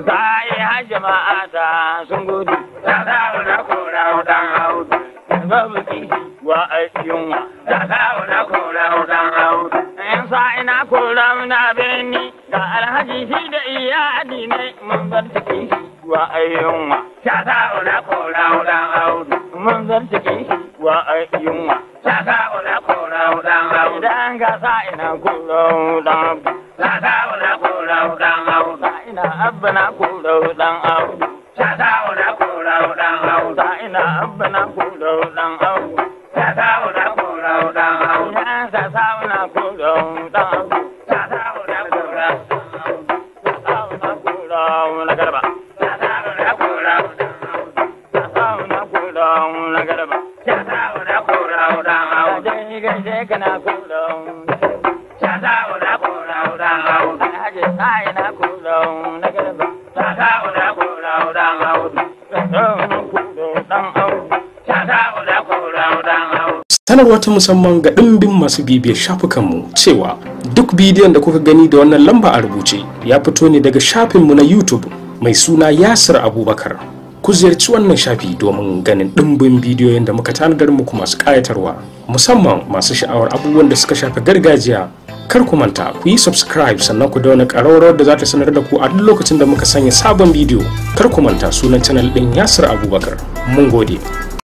Ta yi hajjama ta sun gudu, ta zawo na kora hudan haudu, babu kishi wa yunwa, ta zawo na kora hudan haudu. In sa ina kora na birni, da alhaji shi da iyali ne mun bar ciki wa yunwa. Ta zawo na kora hudan haudu, mun bar ciki wa yunwa. Ta zawo na kora hudan haudu. Idan ka sa ina kora hudan haudu, ta zawo na kora hudan ina abba na kura dan awu ta dawo na kula dan awu ta ina abba na kura dan awu ta dawo na kula dan awu ta ta samu na kura dan awu ta dawo na kura ta samu na kura na garba ta dawo na kura dan awu ta samu na kura na garba ta dawo na kura dan awu ta gaishe kana kura ta dawo na kura dan awu sanarwa ta musamman ga ɗimbin masu bibiyar shafukanmu cewa duk bidiyon da kuka gani da wannan lamba a rubuce ya fito ne daga shafinmu na youtube mai suna yasir abubakar ku ziyarci wannan shafi domin ganin ɗimbin bidiyoyin da muka tanadar muku masu ƙayatarwa musamman masu sha'awar abubuwan da suka shafi gargajiya kar ku manta ku yi subscribe sannan ku dauna ƙararrawar da za ta sanar da ku a duk lokacin da muka sanya sabon bidiyo kar ku manta sunan channel ɗin yasir abubakar mun gode